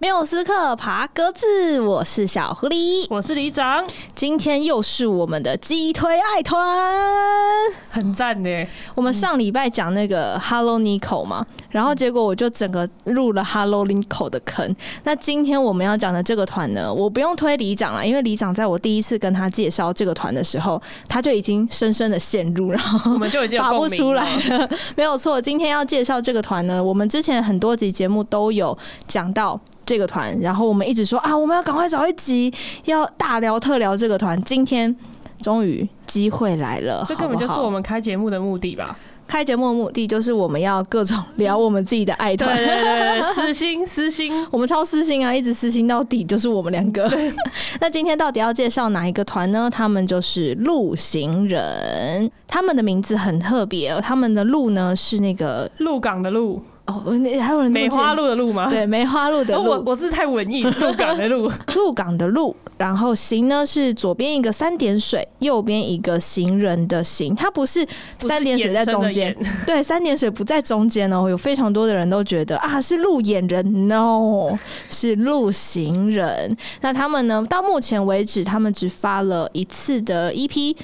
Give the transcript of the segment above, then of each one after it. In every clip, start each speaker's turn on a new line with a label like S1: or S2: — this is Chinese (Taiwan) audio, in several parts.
S1: 沒有思客爬格子，我是小狐狸，我是李長。今天又是我們的激推愛團，很贊的。我們上禮拜講那個 Hello Nico 嘛、嗯，然後結果我就整個入了 Hello Nico 的坑、嗯。那今天我們要講的這個團呢，我不用推李長了，因為李長在我第一次跟他介紹這個團的時候，他就已經深深的陷入，然後我們就已經爬不出來了、嗯。沒有錯，今天要介紹這個團呢，我們之前很多集節目都有講到。這個團，然後我們一直說啊，我們要趕快找一集，要大聊特聊這個團。今天終於機會來了，這根本就是我們開節目的目的吧？好好開節目的目的就是我們要各種聊我們自己的愛團 對對對對對， 私心私心，我們超私心啊，一直私心到底就是我們兩個。 那今天到底要介紹哪一個團呢？他們就是鹿洐人，他們的名字很特別，他們的“鹿呢是那個鹿港的“鹿。哦，那還有人對梅花鹿的鹿嗎？對，梅花鹿的鹿。我我是太文藝，鹿港的鹿。鹿 港的鹿，然後行呢是左邊一個三點水，右邊一個行人的行。它不是三點水在中間。對，三點水不在中間呢、喔。有非常多的人都覺得啊，是鹿演人，no， 是鹿洐人。那他們呢？到目前為止，他們只發了一次的 EP。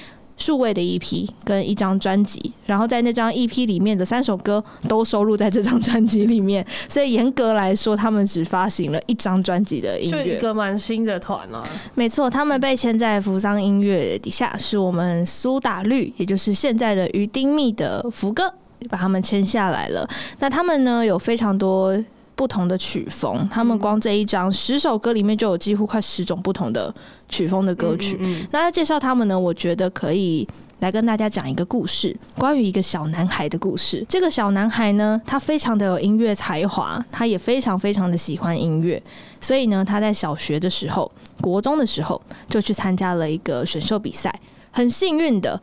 S1: 數位的 EP 跟一張專輯，然後在那張 EP 裡面的三首歌都收錄在這張專輯裡面，所以嚴格來說，他們只發行了一張專輯的音樂。一個蠻新的團啊，沒錯，他們被簽在福茂音樂底下，是我們蘇打綠，也就是現在的魚丁糸的福哥把他們簽下來了。那他們呢，有非常多。不同的曲風，他們光這一張十首歌裡面就有幾乎快十種不同的曲風的歌曲。嗯嗯、那要介紹他們呢，我覺得可以來跟大家講一個故事，關於一個小男孩的故事。這個小男孩呢，他非常的有音樂才華，他也非常非常的喜歡音樂，所以呢，他在小學的時候、國中的時候就去參加了一個選秀比賽，很幸運的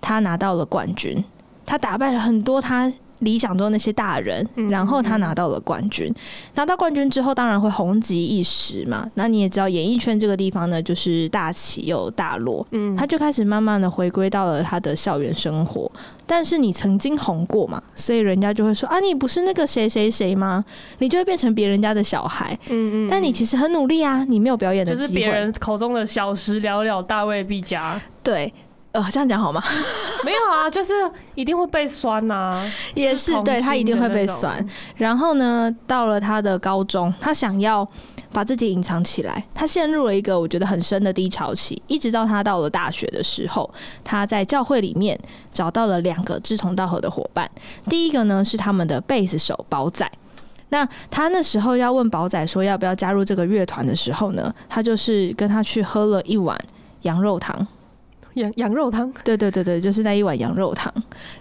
S1: 他拿到了冠軍，他打敗了很多他。理想中那些大人，然後他拿到了冠軍，拿到冠軍之後當然會紅極一時嘛。那你也知道，演藝圈這個地方呢，就是大起又大落。嗯，他就開始慢慢的回歸到了他的校園生活。但是你曾經紅過嘛，所以人家就會說啊，你不是那個誰誰誰嗎？你就會變成別人家的小孩。嗯嗯。但你其實很努力啊，你沒有表演的機會就是別人
S2: 口中的小時了了，大未必佳
S1: 對。呃、哦，這樣講好嗎？
S2: 沒有啊，就是一定會被酸吶、
S1: 啊，也是、就是、對他一定會被酸。然後呢，到了他的高中，他想要把自己隱藏起來，他陷入了一個我覺得很深的低潮期。一直到他到了大學的時候，他在教會裡面找到了兩個志同道合的夥伴。第一個呢，是他們的貝斯手寶仔。那他那時候要問寶仔說要不要加入這個樂團的時候呢，他就是跟他去喝了一碗羊肉湯。羊羊肉湯，對對對對，就是那一碗羊肉湯。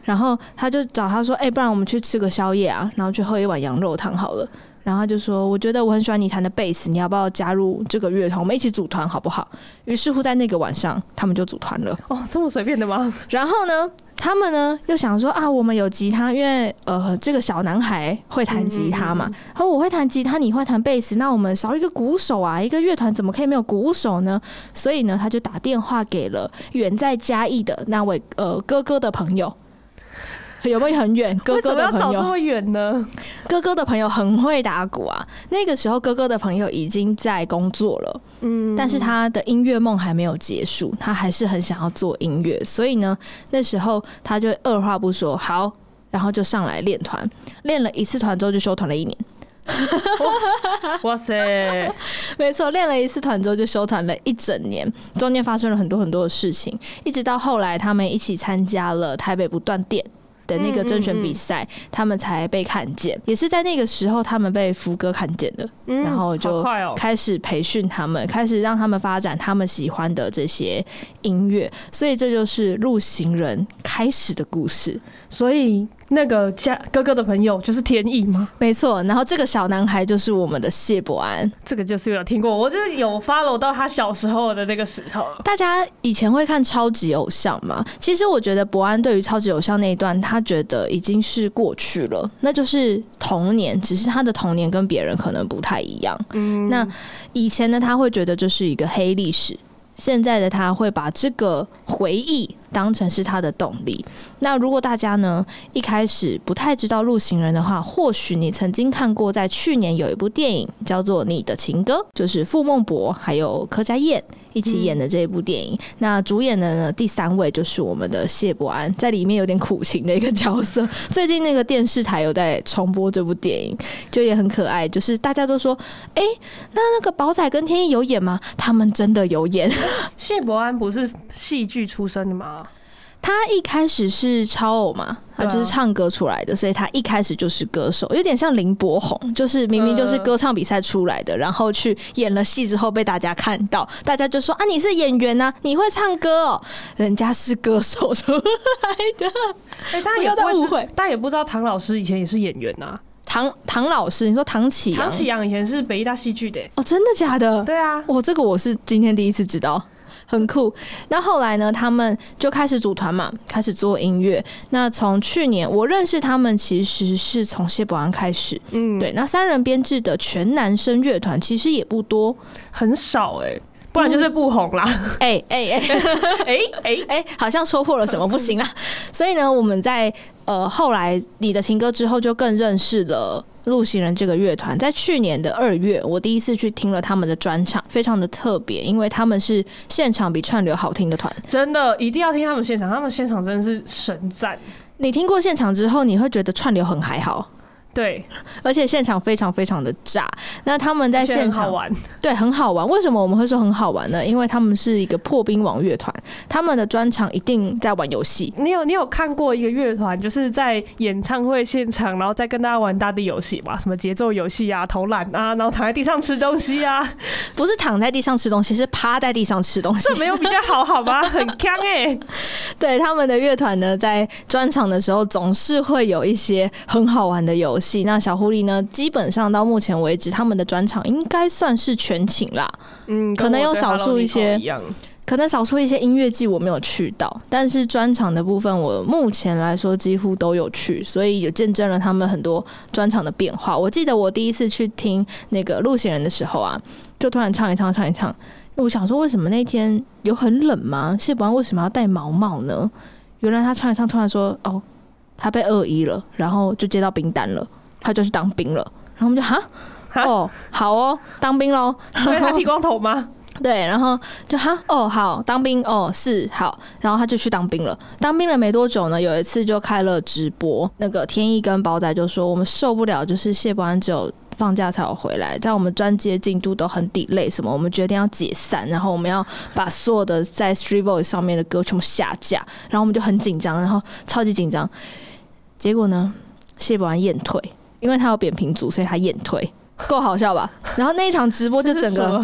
S1: 然後他就找他說：“哎、欸，不然我們去吃個宵夜啊，然後去喝一碗羊肉湯好了。”然後就說，我覺得我很喜歡你彈的貝斯，你要不要加入這個樂團？我們一起組團好不好？於是乎，在那個晚上，他們就組團了。哦，這麼隨便的嗎？然後呢，他們呢又想說啊，我們有吉他，因為呃，這個小男孩會彈吉他嘛，嗯嗯嗯嗯，他說我會彈吉他，你會彈貝斯，那我們少一個鼓手啊，一個樂團怎麼可以沒有鼓手呢？所以呢，他就打電話給了遠在嘉義的那位呃，哥哥的朋友。有沒有很遠？哥哥的朋友。為什麼要找這麼遠呢？哥哥的朋友很會打鼓啊。那個時候，哥哥的朋友已經在工作了。嗯。但是他的音樂夢還沒有結束，他還是很想要做音樂。所以呢，那時候他就二話不說，好，然後就上來練團。練了一次團之後，就休團了一年。哇， 哇塞！沒錯，練了一次團之後，就休團了一整年。中間發生了很多很多的事情，一直到後來，他們一起參加了台北不斷電，的那個甄選比賽、嗯嗯嗯，他們才被看見，也是在那個時候，他們被福哥看見的、嗯，然後就開始培訓他們、哦，開始讓他們發展他們喜歡的這些音樂，所以這就是鹿洐人開始的故事，所以。那個家哥哥的朋友就是天意嗎？沒錯，然後這個小男孩就是我們的謝博安，
S2: 這個就是有聽過，我就是有 follow 到他小時候的那個時候。
S1: 大家以前會看超級偶像嗎？其實我覺得博安對於超級偶像那一段，他覺得已經是過去了，那就是童年，只是他的童年跟別人可能不太一樣。嗯，那以前呢，他會覺得就是一個黑歷史，現在的他會把這個回憶。當成是他的動力。那如果大家呢，一開始不太知道鹿洐人的話，或許你曾經看過，在去年有一部電影叫做《你的情歌》，就是傅孟柏還有柯佳嬿。一起演的這一部電影、嗯，那主演的呢？第三位就是我們的謝伯安，在裡面有點苦情的一個角色。最近那個電視台有在重播這部電影，就也很可愛。就是大家都說，哎、欸，那那個寶仔跟天意有演嗎？他們真的有演。
S2: 謝伯安不是戲劇出身的嗎？
S1: 他一開始是超偶嘛，他就是唱歌出來的，啊、所以他一開始就是歌手，有點像林柏宏，就是明明就是歌唱比賽出來的、呃，然後去演了戲之後被大家看到，大家就說啊，你是演員吶、啊，你會唱歌哦，人家是歌手出來的，哎、欸，大家也不誤會，大家也不知道唐老師以前也是演員吶、啊，唐唐老師，你說唐綺唐綺陽以前是北藝大戲劇的，哦、oh,，真的假的？對啊，我、oh, 這個我是今天第一次知道。很酷。那後來呢？他們就開始組團嘛，開始做音樂。那從去年我認識他們，其實是從謝博安開始。嗯，對。那三人編製的全男生樂團其實也不多，很少欸。不然就是不紅啦、嗯。哎哎哎哎哎哎，好像戳破了什麼不行啦。 所以呢，我們在呃後來你的情歌之後，就更認識了鹿洐人這個樂團。在去年的二月，我第一次去聽了他們的專場，非常的特別，因為他們是現場比串流好聽的團。真的一定要聽他們現場，他們現場真的是神讚。你聽過現場之後，你會覺得串流很還好。對，而且現場非常非常的炸。那他們在現場玩，對，很好玩。為什麼我們會說很好玩呢？因為他們是一個破冰王樂團，他們的專場一定在玩遊戲。你有你有看過一個樂團，就是在演唱
S2: 會現場，然後在跟大家玩大地遊戲嗎？什麼節奏遊戲啊，投籃啊，然後躺在地上吃
S1: 東西啊？不是躺在地上吃東西，是趴在地上吃東西。這沒有比較好，好吧，很鏘哎、欸。 對，他們的樂團呢，在專場的時候總是會有一些很好玩的遊戲。那小狐狸呢？基本上到目前為止，他們的專場應該算是全勤啦。嗯，
S2: 可能有少數一些
S1: ，Hello，可能少數一些音樂祭我沒有去到，嗯，但是專場的部分，我目前來說幾乎都有去，所以也見證了他們很多專場的變化。我記得我第一次去聽那個鹿洐人的時候啊，就突然唱一唱，唱一唱，因為我想說，為什麼那天有很冷嗎？謝寶安為什麼要戴毛帽呢？原來他唱一唱，突然說哦。他被惡意了，然後就接到兵單了，他就去當兵了。然後我們就哈哦好哦當兵嘍，因為他剃光頭嗎？對，然後就哈哦好當兵哦是好，然後他就去當兵了。當兵了沒多久呢，有一次就開了直播，那個天意跟寶仔就說，我們受不了，就是謝伯安只有放假才有回來，在我們專輯的進度都很 delay 什麼，我們決定要解散，然後我們要把所有的在 StreetVoice 上面的歌全部下架，然後我們就很緊張，然後超級緊張。結果呢？謝不完。驗退，因為他有扁平足，所以他驗退，夠好笑吧？ 然後那一場直播就整個，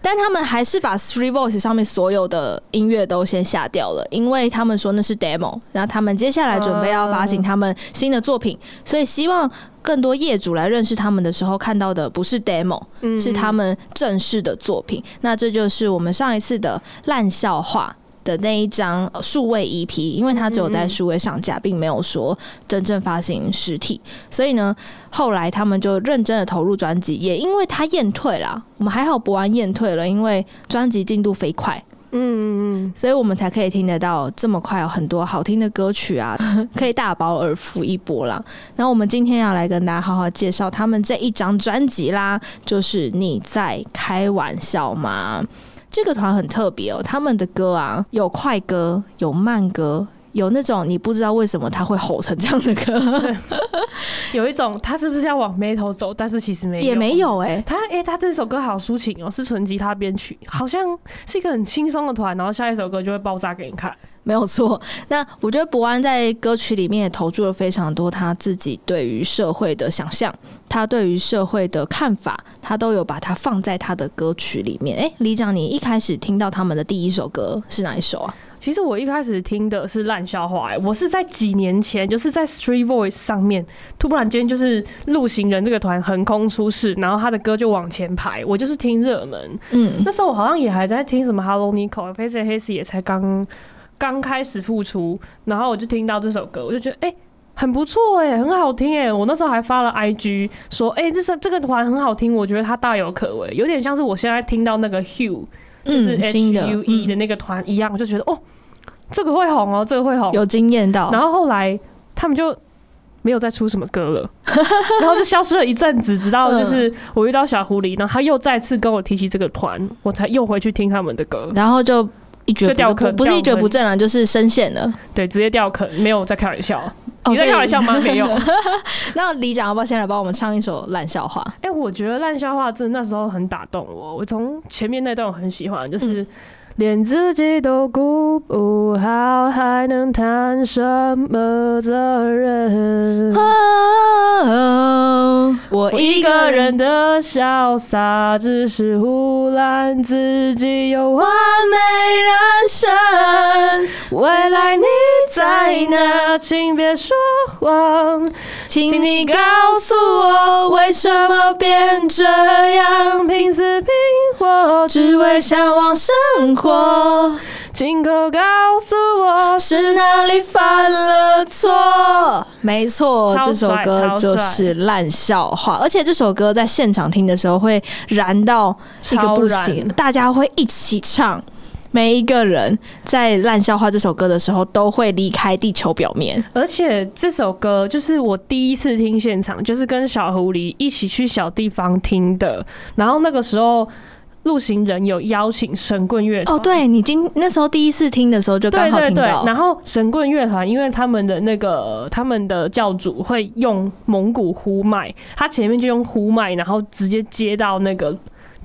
S1: 但他們還是把 StreetVoice 上面所有的音樂都先下掉了，因為他們說那是 demo。然後他們接下來準備要發行他們新的作品，哦，所以希望更多業主來認識他們的時候看到的不是 demo，是他們正式的作品。嗯、那這就是我們上一次的爛笑話。的那一張數位 EP，因為他只有在數位上架，並沒有說真正發行實體。嗯嗯，所以呢，後來他們就認真的投入專輯，也因為他驗退了，我們還好不玩驗退了，因為專輯進度飛快，嗯嗯嗯，所以我們才可以聽得到這麼快有很多好聽的歌曲啊，可以大飽耳福一波啦。 那我們今天要來跟大家好好介紹他們這一張專輯啦，就是你在開玩笑嗎？這個團很特別哦、喔，他們的歌啊，有快歌，有慢歌，有那種你不知道為什麼他會吼成這樣的歌，
S2: 有一種他是不是要往眉頭走，但是其實沒有也沒
S1: 有哎、欸，他哎、欸、他
S2: 這首歌好抒情哦、喔，是純吉他編曲，好像是一個很輕鬆的團，然後下一首歌就會
S1: 爆炸給你看。沒有錯，那我覺得博安在歌曲裡面也投注了非常多他自己對於社會的想象，他對於社會的看法，他都有把它放在他的歌曲裡面。哎，李長，你一開始聽到他們的第一首歌是哪一首啊？
S2: 其實我一開始聽的是《爛笑話》，我是在幾年前，
S1: 就是在《Street Voice》
S2: 上面，突然間就是《鹿洐人》這個團橫空出世，然後他的歌就往前排，我就是聽熱門。嗯，那時候我好像也還在聽什麼《Hello Nico》，《Faceless》也才剛。剛開始復出，然後我就聽到這首歌，我就覺得哎、欸、很不錯哎、欸，很好聽哎、欸。我那時候還發了 IG 說哎、欸，這是這個團很好聽，我覺得他大有可為，有點像是我現在聽到那個 Hue，就是 H U E 的那個團一樣、嗯嗯，我就覺得哦、喔，這個會紅哦、喔，這個會紅，有驚豔到。然後後來他們就沒有再出什麼歌了， 然後就消失了一陣子，直到就是我遇到小狐狸，然後他又再次跟我提起這個團，我才又回去聽他們的歌，然後就。一蹶不，不，不是一蹶不振啊，就是深陷了。對，直接掉坑，沒有在開玩笑。Oh, 你在開玩笑嗎？
S1: 以 沒有。 那李長要不要先來幫我們唱一首爛笑話？哎、欸，我覺得爛笑話真的那時
S2: 候很打動我。我從前面那段我很喜歡，就是。嗯連自己都顧不好，還能談什麼責任？我一個人的瀟灑，只是忽悠自己有完美人生。未來你。在哪？請別說謊，請你告訴我為什麼變這樣？拼死拼活，只為向往生活。親口
S1: 告訴我，是哪裡犯了錯？沒錯，這首歌就是爛笑話，而且這首歌在現場聽的時候會燃到一個不行，大家會一起唱。每一個人在《爛笑話》這首歌的時候都會離開地球表面，
S2: 而且這首歌就是我第一次聽現場，就是跟小狐狸一起去小地方聽的。然後那個時候，鹿洐人有邀請神棍樂團。哦，對，你今那時候第一次聽的時候就剛好聽到對對對。然後神棍樂團，因為他們的那個他們的教主會用蒙古呼麥，他前面就用呼麥，然後直接接到那個。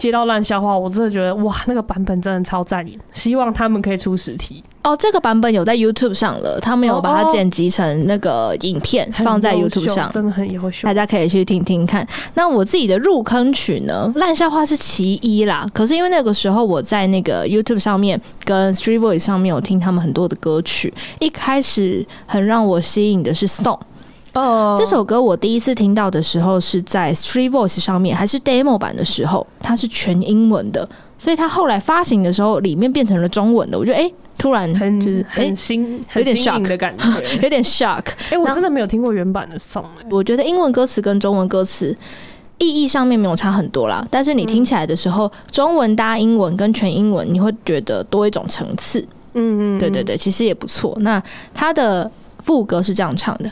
S2: 接到爛笑話，我真的覺得哇，那個版本真的超讚！希望他們可以出實體
S1: 哦。Oh, 這個版本有在 YouTube 上了，他們有把它剪輯成那個影片，oh, 放在 YouTube 上，真的很優秀。大家可以去聽聽看。那我自己的入坑曲呢？爛笑話是其一啦，可是因為那個時候我在那個 YouTube 上面跟 Street Voice 上面有聽他們很多的歌曲，一開始很讓我吸引的是 Song。哦、oh.，這首歌我第一次聽到的時候是在 Street Voice 上面，還是 Demo 版的時候，它是全英文的。所以它後來發行的時候，裡面變成了中文的。我覺得哎、欸，突然很就是很新有點 shock 的感覺，有點 shock, 有點 shock。哎、 欸，我真的沒有聽過原版的 song、欸。我覺得英文歌詞跟中文歌詞意義上面沒有差很多啦，但是你聽起來的時候，嗯、中文搭英文跟全英文，你會覺得多一種層次。嗯，嗯嗯，對對對，其實也不錯。那它的副歌是這樣唱的。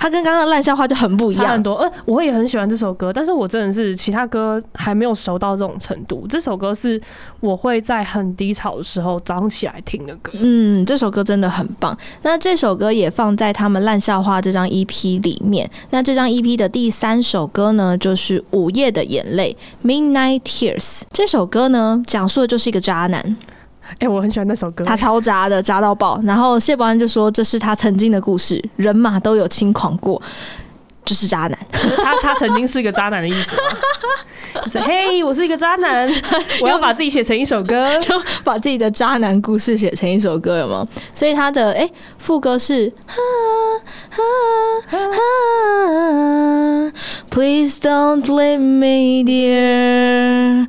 S1: 他跟剛剛的爛笑話就很不一樣，差很多。呃，我
S2: 也很喜歡這首歌，但是我真的是其他歌還沒有熟到這種程度。這首歌是
S1: 我會在很低潮的時候早上起來聽的歌。嗯，這首歌真的很棒。那這首歌也放在他們爛笑話這張 EP 裡面。那這張 EP 的第三首歌呢，就是《午夜的眼淚》（Midnight Tears）。這首歌呢，講述的就是一個渣男。哎、欸，我很喜歡那首歌、欸，他超渣的，渣到爆。然後謝博安就說：“這是他曾經的故事，人嘛都有輕狂過，就是渣男。 他”他他曾經是一個渣男的意思嗎？ 就是，嘿、 hey,，我是一個渣男，我要把自己寫成一首歌，就 把自己的渣男故事寫成一首歌，有嗎？所以他的、欸、副歌是 ，Please don't leave me, dear.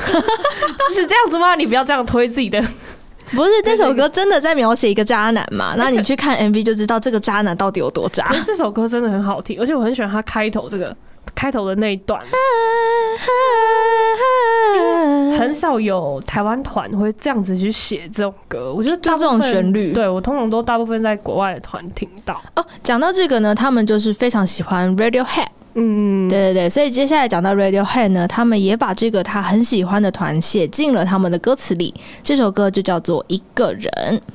S2: 就是這樣子嗎？你不要這樣推自己的。
S1: 不是，這首歌真的在描寫一個渣男嘛，那個，那你去看 MV 就知道這個渣男到底有多渣。這
S2: 首歌真的很好聽，而且我很喜歡它開頭這個開頭的那一段。啊啊啊、很少有台灣團會這樣子去寫這種歌，我覺得就這種旋律，對，我通常都大部分在國外的團聽到。哦，
S1: 講到這個呢，他們就是非常喜歡 Radiohead。嗯，對對對，所以接下來講到 Radiohead 呢，他們也把這個他很喜歡的團寫進了他們的歌詞裡。這首歌就叫做《一個人》。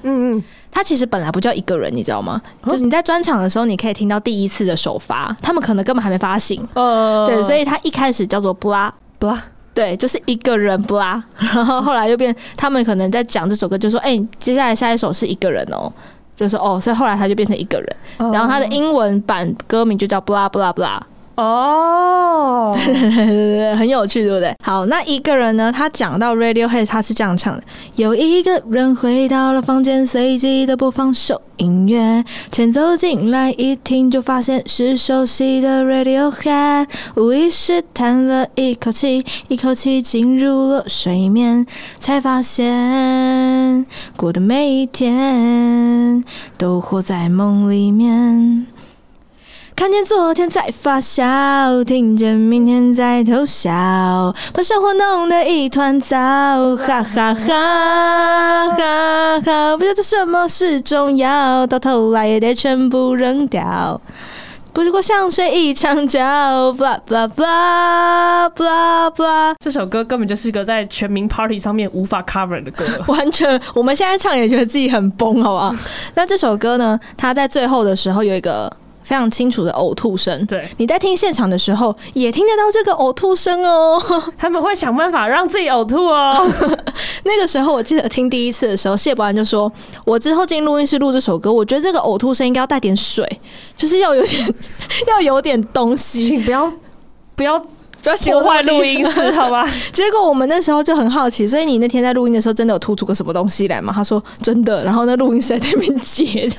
S1: 嗯嗯，他其實本來不叫《一個人》，你知道嗎？嗯、就是你在專場的時候，你可以聽到第一次的首發，他們可能根本還沒發行。呃、哦，對，所以他一開始叫做 Bla Bla，對，就是一個人 Bla，然後後來又變，他們可能在講這首歌，就說：“哎、欸，接下來下一首是《一個人》哦。就說”就是哦，所以後來他就變成《一個人》，然後他的英文版歌名就叫 Bla Bla Bla。哦、oh， 很有趣，對不對？好，那一個人呢？他講到 Radiohead，他是這樣唱的：有一個人回到了房間，隨機的播放首音樂，前奏進來一聽，就發現是熟悉的 Radiohead，無意識嘆了一口氣，一口氣進入了睡眠，才發現過的每一天都活在夢裡面。看見昨天在發笑，聽見明天在偷笑，把生活弄得一團糟，哈，哈哈哈，哈哈，不知道這什麼是重要，到頭來也得全部扔掉，不如想睡一場覺，blah blah blah blah blah, blah。這首歌根本就是一個在全民 party 上面無法 cover 的歌， 完全我們現在唱也覺得自己很崩，好不好？ 那這首歌呢？它在最後的時候有一個。非常清楚的嘔吐聲。對，你在聽現場的時候也聽得到這個嘔吐聲哦。他們會想辦法讓自己嘔吐哦。 那個時候我記得聽第一次的時候，謝博安就說：“我之後進錄音室錄這首歌，我覺得這個嘔吐聲應該要帶點水，就是要有點 要有點東西。” 請不要不要不要破壞錄音室，好吧？ 結果我們那時候就很好奇，所以你那天在錄音的時候真的有吐出個什麼東西來嗎？他說真的。然後那錄音室在那邊接。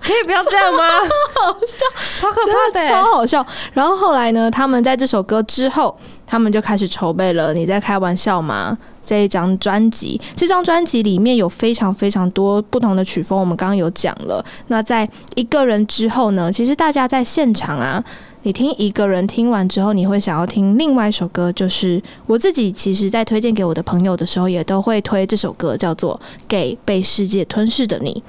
S1: 可以不要這樣嗎？好笑，超可怕的，欸，超好笑。然後後來呢？他們在這首歌之後，他們就開始籌備了《你在開玩笑嗎》這一張專輯。這張專輯裡面有非常非常多不同的曲風，我們剛剛有講了。那在一個人之後呢？其實大家在現場啊，你聽一個人聽完之後，你會想要聽另外一首歌。就是我自己，其實在推薦給我的朋友的時候，也都會推這首歌，叫做《給被世界吞噬的你》。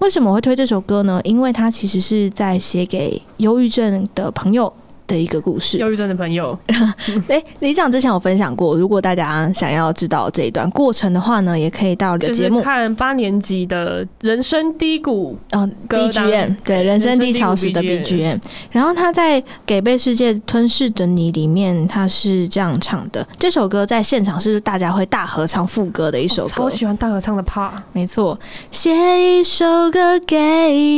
S1: 為什麼我會推這首歌呢？因為它其實是在寫給憂鬱症的朋友，的一個故事，憂鬱症的朋友、 欸，哎，你講之前我分享過，如果大家想要知道這一段過程的話呢，也可以到這個節目、就是、
S2: 看八年級的人生低谷啊、哦、BGM，對，人生低潮時的 BGM。然
S1: 後他在《給被世界吞噬的你》裡面，他是這樣唱的，這首歌在現場是大家會大合唱副歌的一首歌，哦、超喜歡大合唱的 part。沒錯，寫一首歌給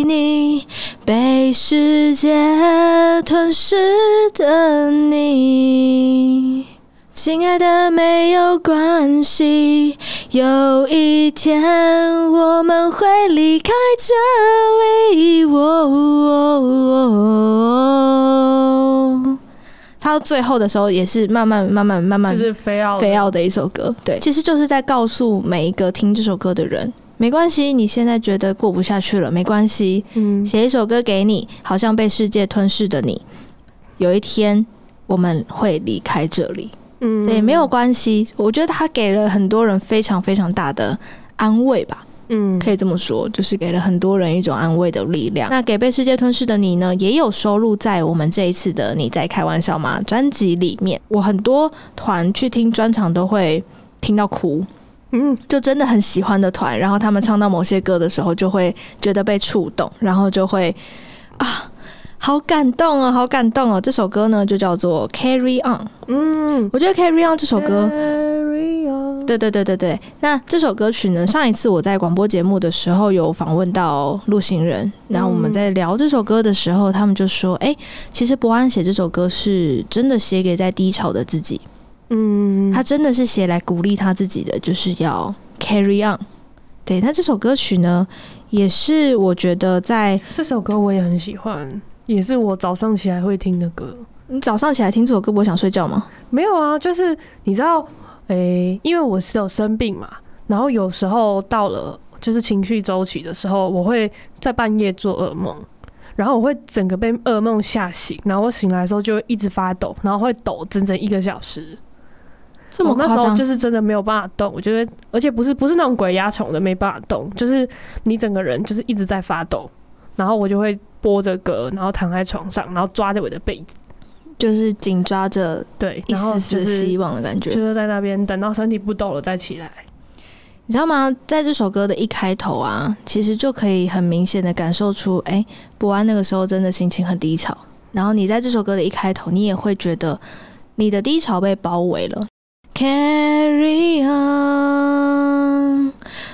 S1: 你，被世界吞噬。的你，親愛的，沒有關係。有一天我們會離開這裡、哦。哦哦哦哦哦哦哦、他到最後的時候也是慢慢、慢慢、慢慢，就是 fade out、fade out 的一首歌。對，其實就是在告訴每一個聽這首歌的人，沒關係，你現在覺得過不下去了，沒關係。寫一首歌給你，好像被世界吞噬的你。有一天我們會離開這裡，嗯、所以沒有關係。嗯、我覺得他給了很多人非常非常大的安慰吧，嗯，可以這麼說，就是給了很多人一種安慰的力量。那給被世界吞噬的你呢，也有收錄在我們這一次的你在開玩笑嗎專輯裡面。我很多團去聽專場都會聽到哭，嗯，就真的很喜歡的團，然後他們唱到某些歌的時候，就會覺得被觸動，然後就會啊。好感動哦、喔，好感動哦、喔！這首歌呢，就叫做《Carry On》。嗯，我覺得《Carry On》這首歌，《
S2: Carry On》，
S1: 對對對對對，對。那這首歌曲呢，上一次我在廣播節目的時候有訪問到鹿洐人，然後我們在聊這首歌的時候，他們就說：“哎，其實伯安寫這首歌是真的寫給在低潮的自己。”嗯，他真的是寫來鼓勵他自己的，就是要 Carry On。對，那這首歌曲呢，也是我覺得在這首歌我也很喜歡。也是我早上起來會聽的歌。你早上起來聽這首歌，不想睡覺嗎？沒
S2: 有啊，就是你知道，哎、欸，因為我是有生病嘛，然後有時候到了就是情緒周期的時候，我會在半夜做噩夢，然後我會整個被噩夢嚇醒，然後我醒來的時候就會一直發抖，然後會抖整整一個小時。
S1: 這麼誇張？我那時候就是真
S2: 的沒有辦法動。我覺得，而且不是不是那種鬼壓床的，沒辦法動，就是你整個人就是一直在發抖，然後我就會。播着歌，然後躺在床上，然後抓着我的被子，就
S1: 是緊抓着，
S2: 對，然後就是希望的感覺，就是在那邊等到身體不抖了再起來。
S1: 你知道嗎？在這首歌的一開頭啊，其實就可以很明顯的感受出，哎、欸，不安那個時候真的心情很低潮。然後你在這首歌的一開頭，你也會覺得你的低潮被包圍了 Carry on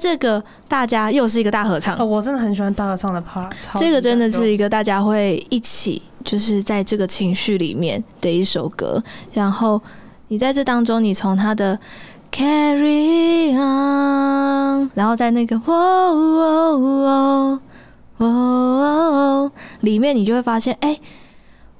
S1: 這個大家又是一個大合唱，我真的很喜歡大合唱的 part。這個真的是一個大家會一起，就是在這個情緒裡面的一首歌。然後你在這當中，你從他的 carry on，然後在那個哦哦哦哦裡面，你就會發現，哎，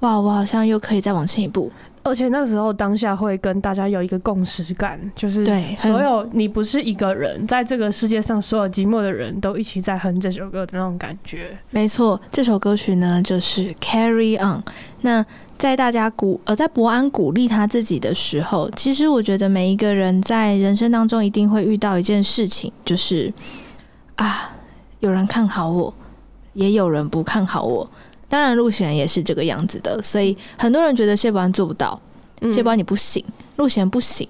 S1: 哇，我好像又可以再往前一步。而且那時候當下會跟大家有一個共識感，就是對，所有
S2: 你不是一個人，在這個世界上所有寂寞的人都一起在哼這首歌的那種感覺。
S1: 沒錯，這首歌曲呢就是《Carry On》。那在大家鼓呃、在伯安鼓勵他自己的時候，其實我覺得每一個人在人生當中一定會遇到一件事情，就是啊，有人看好我，也有人不看好我。當然，鹿洐人也是這個樣子的，所以很多人覺得謝寶安做不到，嗯、謝寶安你不行，鹿洐人不行，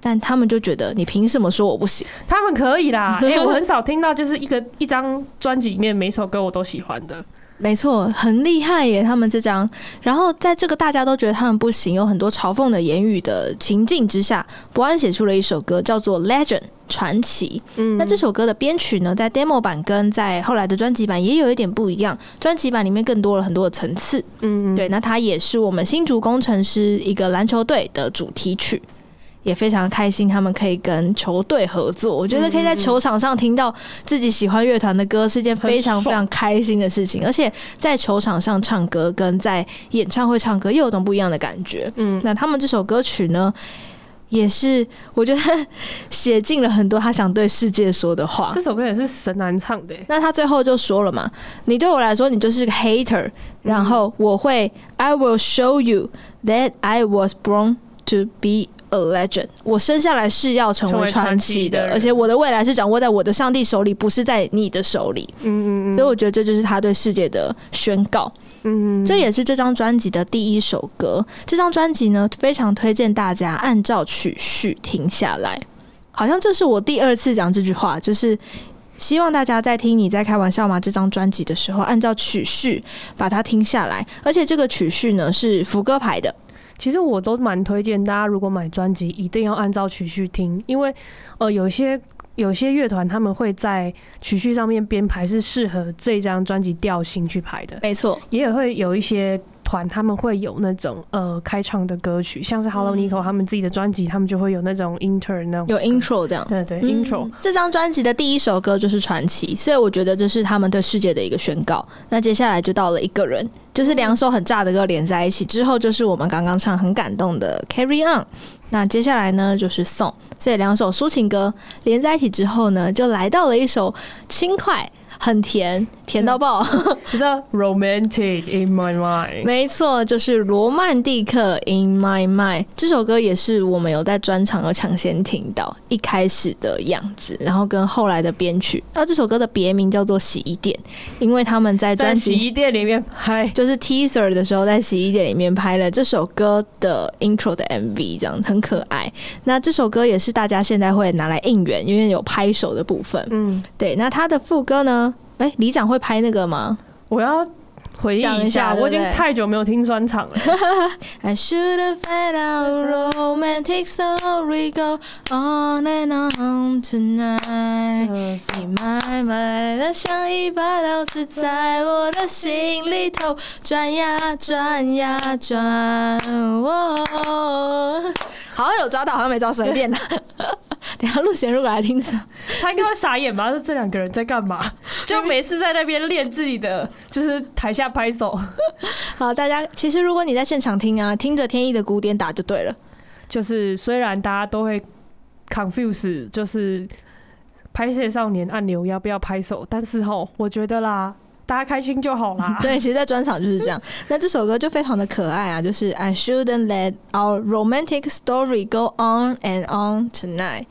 S1: 但他們就覺得你憑什麼說我不行？他們可以啦，因為、 欸、我很少
S2: 聽到就是一個一張專輯裡面每首歌我都喜歡的。
S1: 沒錯，很厲害耶！他們這張，然後在這個大家都覺得他們不行、有很多嘲諷的言語的情境之下，伯安寫出了一首歌，叫做《Legend 傳奇》。嗯，那這首歌的編曲呢，在 demo 版跟在後來的專輯版也有一點不一樣，專輯版裡面更多了很多的層次。嗯，對，那它也是我們新竹工程師一個籃球隊的主題曲。也非常開心，他們可以跟球隊合作。我覺得可以在球場上聽到自己喜歡樂團的歌，是一件非常非常開心的事情。而且在球場上唱歌，跟在演唱會唱歌又有種不一樣的感覺。嗯，那他們這首歌曲呢，也是我覺得寫盡了很多他想對世界說的話。這首歌也是神難唱的，那他最後就說了嘛：“你對我來說，你就是個 hater。然後我會，I will show you that I was born to be。” A legend，我生下來是要成為傳奇的，奇的，而且我的未來是掌握在我的上帝手裡，不是在你的手裡。嗯，嗯，嗯，所以我覺得這就是他對世界的宣告。嗯，嗯，這也是這張專輯的第一首歌。這張專輯呢，非常推薦大家按照曲序聽下來。好像這是我第二次講這句話，就是希望大家在聽，你在開玩笑嗎？這張專輯的時候，按照曲序把它聽下來，而且這個曲序呢是福哥排的。其實我都蠻推薦大家，如
S2: 果買專輯，一定要按照曲序聽，因為，呃，有些有些樂團他們會在曲序上面編排是適合這張專輯調性去排的，沒錯，也，也會有一些。團他們會有那種呃開唱的歌曲，像是 Hello Nico 他們自己的專輯，他們就會有那種 intro 那種。有 intro 這樣。對對，對、嗯、intro。嗯、
S1: 這張專輯的第一首歌就是傳奇，所以我覺得這是他們對世界的一個宣告。那接下來就到了一個人，就是兩首很炸的歌連在一起之後，就是我們剛剛唱很感動的 Carry On。那接下來呢就是送，所以兩首抒情歌連在一起之後呢，就來到了一首輕快。很甜，甜到爆！你知道《 Romantic in My Mind》沒錯，就是《羅曼蒂克 in My Mind》這首歌，也是我們有在專場有搶先聽到一開始的樣子，然後跟後來的編曲。那這首歌的別名叫做《洗衣店》，因為他們在在洗衣店裡面拍，就是 teaser 的時候在洗衣店裡面拍了這首歌的 intro 的 MV，這樣很可愛。那這首歌也是大家現在會拿來應援，因為有拍手的部分。嗯，對。那他的副歌呢？哎、欸，李長會拍那個嗎？我要。回憶一下，我已經太
S2: 久沒有聽專場了。
S1: 哈哈哈 I should've found our romantic story go on and on tonight。你埋埋的像一把刀子在我的心裡頭轉呀轉呀轉。哦，好像有抓到，好像沒抓到，隨便的。等下鹿洐人如果來聽場，他應該會傻眼吧？說這兩個人在幹嘛？就每次
S2: 在那邊練自己的，就是
S1: 台下。拍手， 好，大家其實如果你在現場聽啊，聽着天意的鼓點打就對了。就是雖然大家都會 confuse，就是拍謝少年按鈕要不要拍手，但是吼，我覺得啦，大家開心就好啦。 對，其實在專場就是這樣。 那這首歌就非常的可愛啊，就是 I shouldn't let our romantic story go on and on tonight，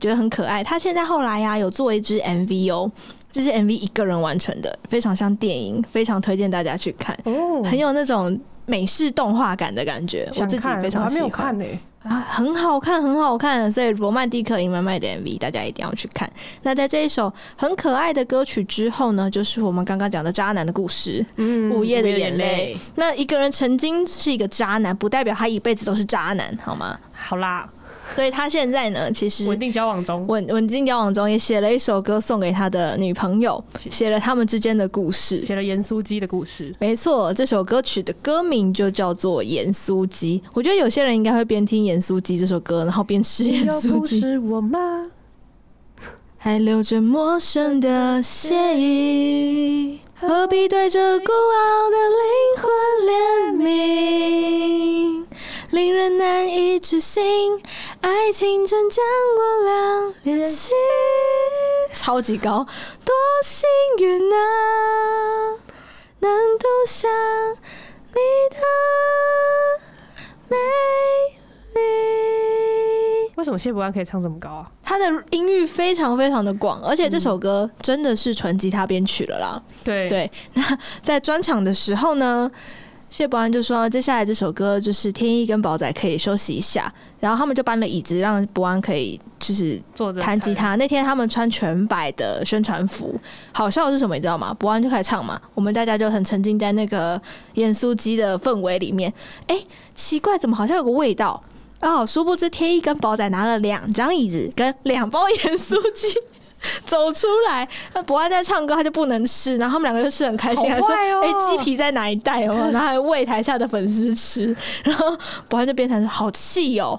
S1: 覺得很可愛。他現在後來呀、啊，有做一支 MV 哦。這是 MV 一個人完成的，非常像電影，非常推薦大家去看，哦，很有那種美式動畫感的感覺看，我自己非常喜歡。哎、欸、啊，很好看，很好看！所以《羅曼蒂克》英文版的 MV 大家一定要去看。那在這一首很可愛的歌曲之後呢，就是我們剛剛講的渣男的故事，嗯，《午夜的眼淚》。那一個人曾經是一個渣男，不代表他一輩子都是渣男，好嗎？好啦。所以他現在呢，其實穩定交往中，穩穩定交往中，也寫了一首歌送給他的女朋友，寫了他們之間的故事，寫了鹽酥雞的故事。沒錯，這首歌曲的歌名就叫做《鹽酥雞》。我覺得有些人應該會邊聽《鹽酥雞》這首歌，然後邊吃鹽酥雞。是
S2: 我嗎？
S1: 還留着陌生的鞋印，何必對着孤傲的靈魂憐憫？令人難以置信，愛情正將我倆聯繫。Yeah. 超級高， 多幸運啊，能獨享你的美麗。為什麼謝博安可以唱這麼高啊？他的音域非常非常的廣，而且這首歌真的是純吉他編曲了啦。嗯、對對，那在專場的時候呢？謝博安就說：“接下來這首歌就是天一跟寶仔可以休息一下，然後他們就搬了椅子，讓博安可以就是彈吉他。那天他們穿全白的宣傳服，好笑的是什麼？你知道嗎？博安就開始唱嘛，我們大家就很沉浸在那個鹽酥雞的氛圍裡面。哎、欸，奇怪，怎麼好像有個味道？哦，殊不知天一跟寶仔拿了兩張椅子跟兩包鹽酥雞。”走出來，那伯安在唱歌，他就不能吃，然後他們兩個就吃很開心，喔、還說：“哎、欸，雞皮在哪一袋哦？”然後還餵台下的粉絲吃，然後伯安就變成好氣哦！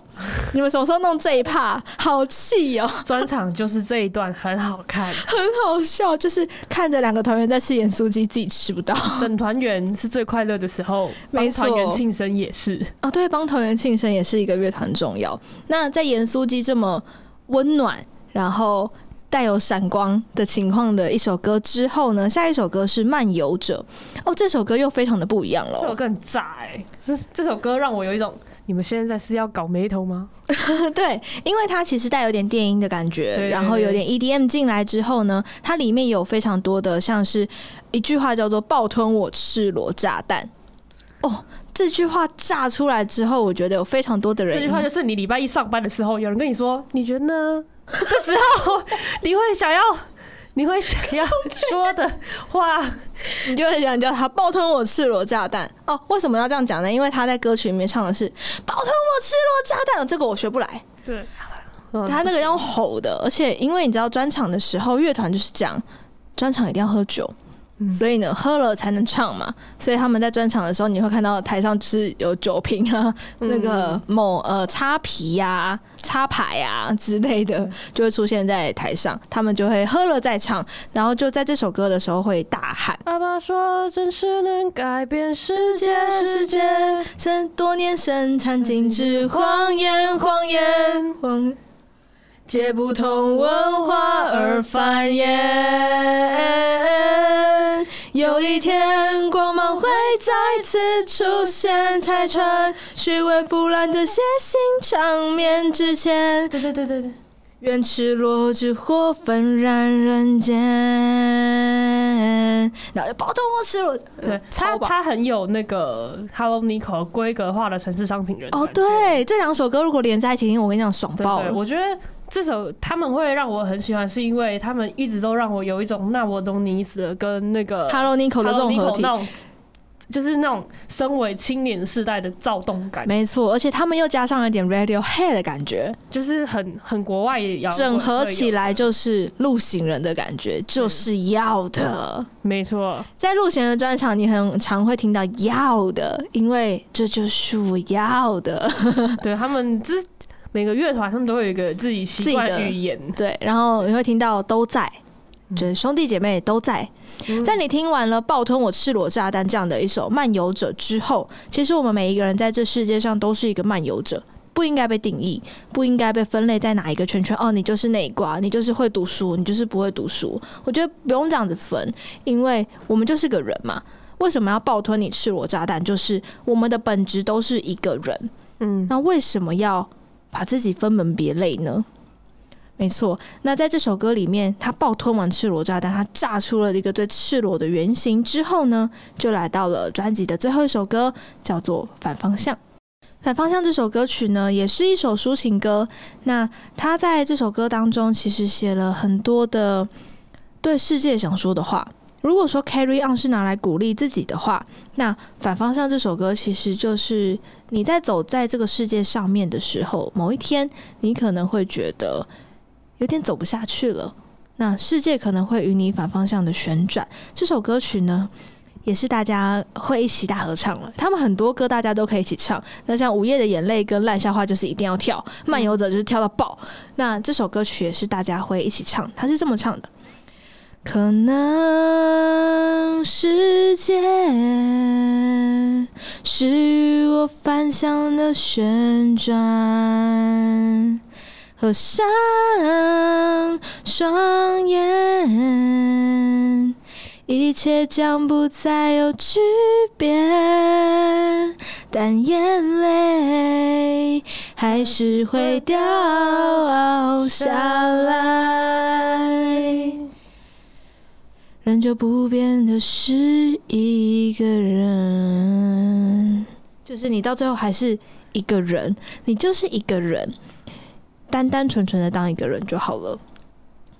S1: 你們什麼時候弄這一趴？好氣哦！專場就是這一段很好看， 很好笑，就是看着兩個團員在吃鹽酥雞，自己吃不到，整團員是最快樂的時候，沒錯，幫團員慶生也是哦。對，幫團員慶生也是一個樂團重要。那在鹽酥雞這麼溫暖，然後。帶有閃光的情況的一首歌之後呢，下一首歌是《漫遊者》哦，這首歌又非常的不一樣了，這首
S2: 歌很炸、欸、這首歌讓我有一種，你們現在是要搞眉頭嗎？
S1: 對，因為它其實帶有點電音的感覺，對對對對，然後有點 EDM 進來之後呢，它裡面有非常多的，像是一句話叫做“爆吞我赤裸炸彈”。哦，這句話炸出來之後，我覺得有非常多的人，這句話就是
S2: 你禮拜一上班的時候，有人跟你說，你覺得呢？ 這時候你會想要，
S1: 你會想要說的話，你就會想叫他抱吞我赤裸炸彈哦。為什麼要這樣講呢？因為他在歌曲裡面唱的是抱吞我赤裸炸彈，這個我學不來。對，他那個要吼的，而且因為你知道，專場的時候樂團就是這樣，專場一定要喝酒。所以呢，喝了才能唱嘛。所以他們在專場的時候，你會看到台上是有酒瓶啊，那個某呃擦皮呀、啊、擦牌啊之類的，就會出現在台上。他們就會喝了再唱，然後就在這首歌的時候會大喊。爸爸說，真是能改變世界世界曾多年生產禁止借不同文化而繁衍。有一天，光芒會再次出現，拆穿虛偽腐爛的血腥場面之前。對對對對對。願赤裸之火焚燃人間。那包赤裸？對，他他很
S2: 有那個《Hello Nico》規格化的城市商品人。哦，
S1: 對，這兩首歌如果連在一起聽，我跟你講，爽爆了。對
S2: 對對，我覺得。這首他們會讓我很喜歡，是因為他們一直都讓我有一種那我懂你意思了，跟那個 Hello Nico 的種合體，就是那種身為青年時代的躁動感。
S1: 沒錯，而且他們又加上了點 Radiohead 的感覺，
S2: 就是很很國外。整合起
S1: 來就是鹿洐人的感覺，嗯，就是要的。沒錯，在鹿洐人的專場，你很常會聽到要的，因為這就是我要的。 對他們之。每個樂團他們都會有一個自己喜歡的語言，對，然後你會聽到都在，嗯、就是兄弟姐妹都在。嗯、在你聽完了《抱吞我赤裸炸彈》這樣的一首漫遊者之後，其實我們每一個人在這世界上都是一個漫遊者，不應該被定義，不應該被分類在哪一個圈圈。哦，你就是那一掛，你就是會讀書，你就是不會讀書。我覺得不用這樣子分，因為我們就是個人嘛。為什麼要抱吞你赤裸炸彈？就是我們的本質都是一個人。嗯，那為什麼要？把自己分門別類呢？沒錯，那在這首歌裡面，他爆吞完赤裸炸彈，他炸出了一個最赤裸的原型。之後呢，就來到了專輯的最後一首歌，叫做《反方向》。反方向這首歌曲呢，也是一首抒情歌。那他在這首歌當中，其實寫了很多的對世界想說的話。如果說 Carry On 是拿來鼓勵自己的話，那反方向這首歌其實就是你在走在這個世界上面的時候，某一天你可能會覺得有點走不下去了，那世界可能會與你反方向的旋轉。這首歌曲呢，也是大家會一起大合唱了。他們很多歌大家都可以一起唱。那像午夜的眼淚跟爛笑話就是一定要跳，漫遊者就是跳到爆。嗯。那這首歌曲也是大家會一起唱，它是這麼唱的。可能世界是我反向的旋轉，合上雙眼，一切將不再有區別，但眼淚還是會掉下來。人就不變的是一個人，就是你到最後還是一個人，你就是一個人，單單純純的當一個人就好了。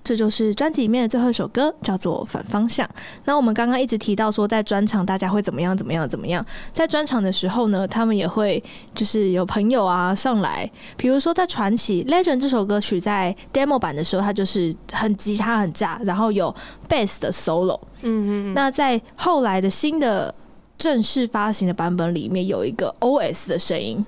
S1: 這就是專輯裡面的最後一首歌，叫做《反方向》。那我們剛剛一直提到說，在專場大家會怎麼樣怎麼樣怎麼樣，在專場的時候呢，他們也會就是有朋友啊上來，比如說在《傳奇》《Legend》這首歌曲，在 Demo 版的時候，它就是很吉他很炸，然後有 Bass 的 Solo。嗯嗯。那在後來的新的正式發行的版本裡面，有一個 OS 的聲音。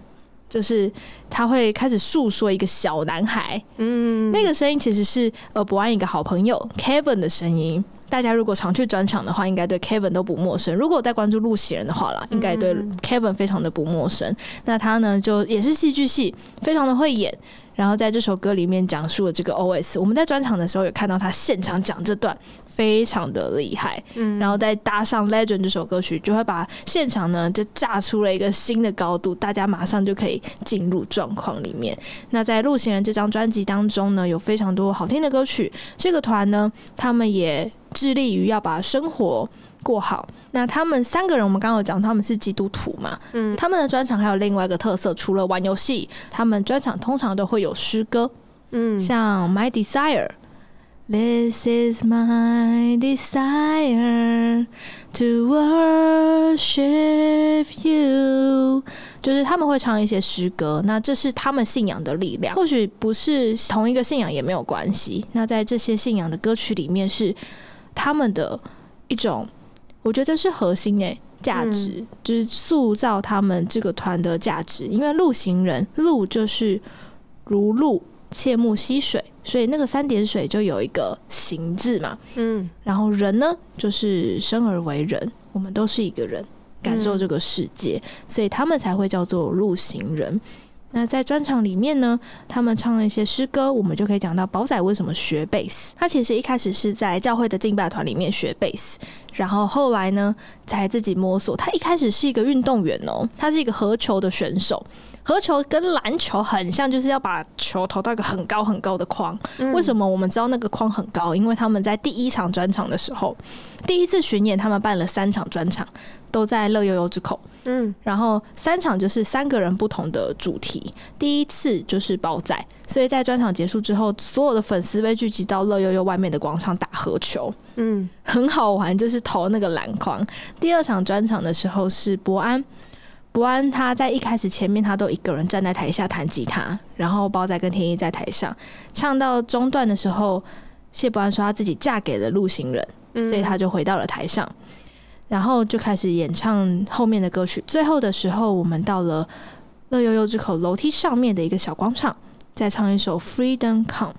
S1: 就是他會開始訴說一個小男孩，嗯，那個聲音其實是呃，博安一個好朋友 Kevin 的聲音。大家如果常去專場的話，應該對 Kevin 都不陌生。如果在關注鹿洐人的話啦，應該對 Kevin 非常的不陌生。嗯。那他呢，就也是戲劇系，非常的會演。然後在這首歌裡面講述了這個 OS。我們在專場的時候有看到他現場講這段。非常的厲害，嗯，然後再搭上 Legend 這首歌曲，就會把現場呢就炸出了一個新的高度，大家馬上就可以進入狀況裡面。那在《鹿洐人》這張專輯當中呢，有非常多好聽的歌曲。這個團呢，他們也致力於要把生活過好。那他們三個人，我們剛剛有講，他們是基督徒嘛，嗯，他們的專場還有另外一個特色，除了玩遊戲，他們專場通常都會有詩歌，嗯，像 My Desire。This is my desire to worship you。就是他們會唱一些詩歌，那這是他們信仰的力量。或許不是同一個信仰也沒有關係。那在這些信仰的歌曲裡面，是他們的一種，我覺得這是核心誒、欸，價值、嗯、就是塑造他們這個團的價值。因為鹿洐人，鹿就是如鹿，切慕溪水。所以那個三點水就有一個行字嘛，嗯，然後人呢，就是生而為人，我們都是一個人，感受這個世界，嗯、所以他們才會叫做鹿洐人。那在專場裡面呢，他們唱了一些詩歌，我們就可以講到寶仔為什麼學貝斯。他其實一開始是在教會的敬拜團裡面學貝斯，然後後來呢才自己摸索。他一開始是一個運動員哦、喔，他是一個合球的選手。合球跟籃球很像，就是要把球投到一個很高很高的框，嗯。為什麼我們知道那個框很高？因為他們在第一場專場的時候，第一次巡演他們辦了三場專場，都在樂悠悠之口。嗯，然後三場就是三個人不同的主題。第一次就是包仔，所以在專場結束之後，所有的粉絲被聚集到樂悠悠外面的廣場打合球。嗯，很好玩，就是投那個籃筐。第二場專場的時候是伯安。伯安他在一開始前面，他都一個人站在台下彈吉他，然後包仔跟天一在台上唱到中段的時候，謝伯安說他自己嫁給了鹿洐人，所以他就回到了台上，嗯、然後就開始演唱後面的歌曲。最後的時候，我們到了樂悠悠之口樓梯上面的一個小廣場，再唱一首《Freedom Come》。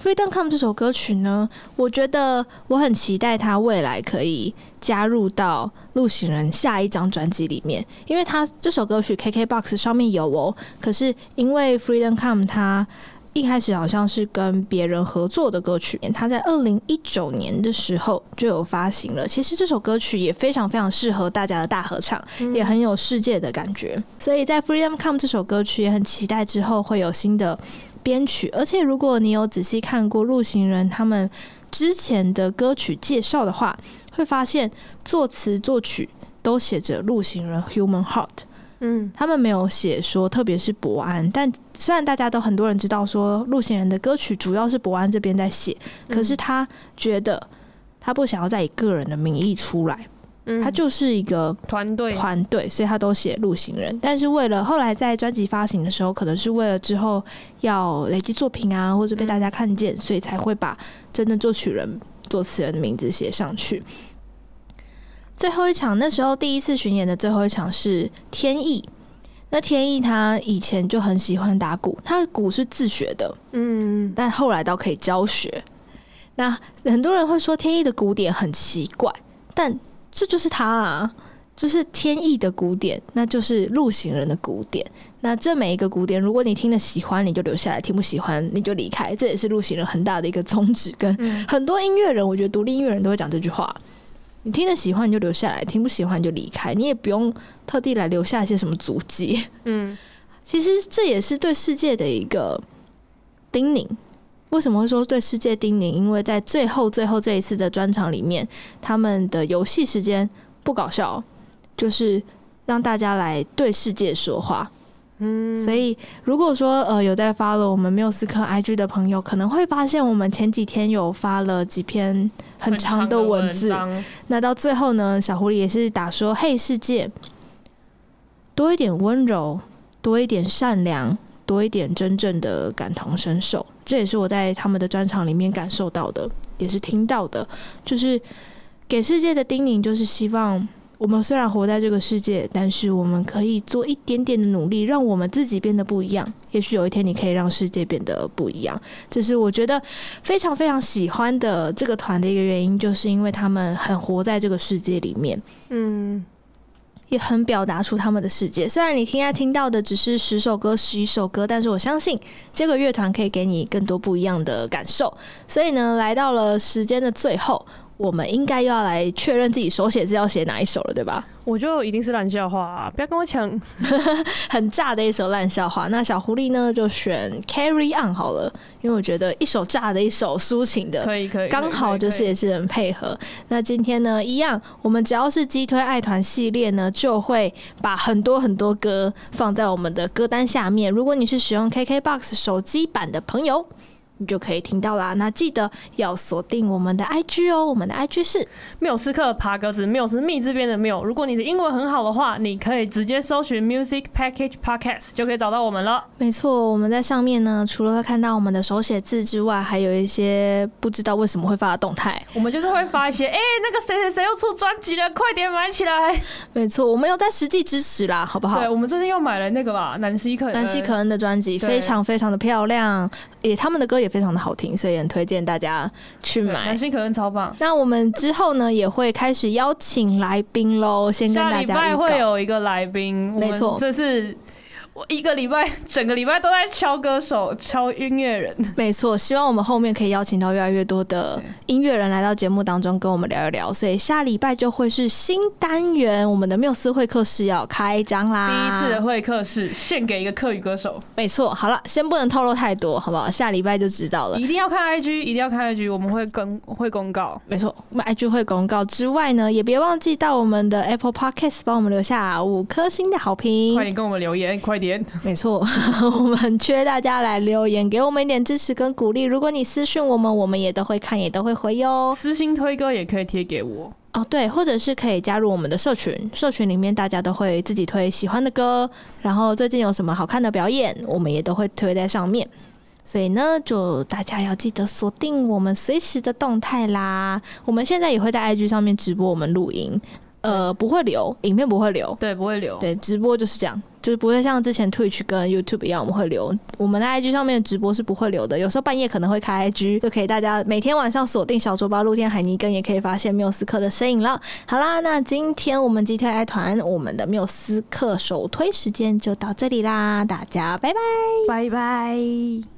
S1: Freedom Come 這首歌曲呢，我覺得我很期待它未來可以加入到鹿洐人下一張專輯裡面，因為他這首歌曲 KKBox 上面有哦。可是因為 Freedom Come 它一開始好像是跟別人合作的歌曲，它在二零一九年的時候就有發行了。其實這首歌曲也非常非常適合大家的大合唱，嗯，也很有世界的感覺。所以在 Freedom Come 這首歌曲也很期待之後會有新的編曲，而且如果你有仔細看過鹿洐人他們之前的歌曲介紹的話，會發現作詞作曲都寫着鹿洐人 Human Heart，嗯，他們沒有寫說，特別是伯安。但雖然大家都很多人知道說鹿洐人的歌曲主要是伯安這邊在寫，可是他覺得他不想要再以個人的名義出來。他就是一個團隊團隊，所以他都寫鹿洐人、嗯。但是為了後來在專輯發行的時候，可能是為了之後要累積作品啊，或者被大家看見、嗯，所以才會把真的作曲人、作詞人的名字寫上去。最後一場那時候第一次巡演的最後一場是天意。那天意他以前就很喜歡打鼓，他的鼓是自學的，嗯，但後來倒可以教學。那很多人會說天意的鼓點很奇怪，但這就是他啊，就是天意的古典，那就是鹿洐人的古典。那這每一個古典，如果你聽的喜歡，你就留下來；聽不喜歡，你就離開。這也是鹿洐人很大的一個宗旨，跟很多音樂人，我覺得獨立音樂人都會講這句話：你聽了喜歡，你就留下來；聽不喜歡，你就離開。你也不用特地來留下一些什麼足跡。嗯，其實這也是對世界的一個叮嚀。為什麼會說對世界叮嚀？因為在最後最後這一次的專場裡面，他們的遊戲時間不搞笑，就是讓大家來對世界說話。嗯，所以如果說呃有在 follow 我們繆思客 IG 的朋友，可能會發現我們前幾天有發了幾篇很長的文字。文那到最後呢，小狐狸也是打說：“嘿，世界，多一點溫柔，多一點善良。”多一點真正的感同身受，這也是我在他們的專場裡面感受到的，也是聽到的。就是給世界的叮嚀，就是希望我們雖然活在這個世界，但是我們可以做一點點的努力，讓我們自己變得不一樣。也許有一天，你可以讓世界變得不一樣。這是我覺得非常非常喜歡的這個團的一個原因，就是因為他們很活在這個世界裡面。嗯。也很表達出他們的世界，雖然你現在聽到的只是十首歌、十一首歌，但是我相信這個樂團可以給你更多不一樣的感受。所以呢，來到了時間的最後。我們應該又要來確認自己手寫字要寫哪一首了，對吧？我就一定是爛笑話啊，不要跟我搶， 很炸的一首爛笑話。那小狐狸呢，就選 Carry On 好了，因為我覺得一首炸的一首抒情的，可以可以，剛好就是也是很配合。那今天呢，一樣，我們只要是激推愛團系列呢，就會把很多很多歌放在我們的歌單下面。如果你是使用 KKBOX 手機版的朋友，你就可以聽到啦。那記得要鎖定我們的 IG 哦、喔，我們的 IG 是繆思客爬格子繆斯密這邊的繆。如果你的英文很
S2: 好的話，你可以直接搜尋 Music Package Podcast 就可以找到我們了。
S1: 沒錯，我們在上面呢，除了會看到我們的手寫字之外，還有一些不知道為什麼會發的動態。我們就是會發一些，哎、欸，那個誰誰誰又出專輯了，快點買起來。沒錯，我們又在實際支持啦，好不好？對，我們最近又買了那個吧，南希可恩南希可恩的專輯，非常非常的漂亮。也、欸、他們的歌也非常的好聽，所以很推薦大家去買。男性可能超棒。那我們之後呢， 也會開始邀請來賓嘍。先跟大家預告，下禮拜會有
S2: 一個來賓，沒錯，這是。我一個禮拜，整個禮拜都在
S1: 敲歌手、敲音樂人。沒錯，希望我們後面可以邀請到越來越多的音樂人來到節目當中跟我們聊一聊。所以下禮拜就會是新單元，我們的繆斯會客室要開張啦！第一次的
S2: 會客室獻給一個客語歌手。
S1: 沒錯，好了，先不能透露太多，好不好？下禮拜就知道了，
S2: 一定要看 IG，一定要看 IG，我們會跟
S1: 會公告。沒錯，我們 IG 會公告之外呢，也別忘記到我們的 Apple Podcast 幫我們留下五顆星的好評，快點跟我們留言，快。沒錯，我們很缺大家來留言，給我們一點支持跟鼓勵。如果你私信我們，我們也都會看，也都會回喲。
S2: 私信推歌也可以貼給我
S1: 哦，對，或者是可以加入我們的社群，社群裡面大家都會自己推喜歡的歌，然後最近有什麼好看的表演，我們也都會推在上面。所以呢，就大家要記得鎖定我們隨時的動態啦。我們現在也會在 IG 上面直播我們錄音。呃，不會留，影片不會留，對，不會留，對，直播就是這樣，就是不會像之前 Twitch 跟 YouTube 一樣，我們會留。我們的 IG 上面直播是不會留的，有時候半夜可能會開 IG，就可以大家每天晚上鎖定小竹包露天海尼根，也可以發現繆思客的身影了。好啦，那今天我們激推愛團我們的繆思客首推時間就到這裡啦，大家拜拜，拜拜。